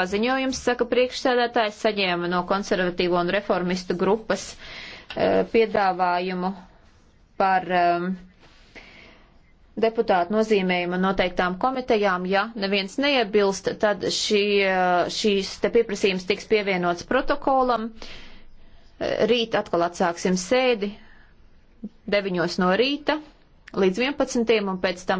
paziņojums, saka priekšsēdētājs, saņēma no konservatīvo un reformistu grupas e, piedāvājumu par um, deputātu nozīmējumu noteiktām komitejām. Ja neviens neiebilst, tad šī, e, šīs te pieprasījums tiks pievienots protokolam. Rīt atkal atsāksim sēdi 9 no rīta līdz 11 un pēc tam.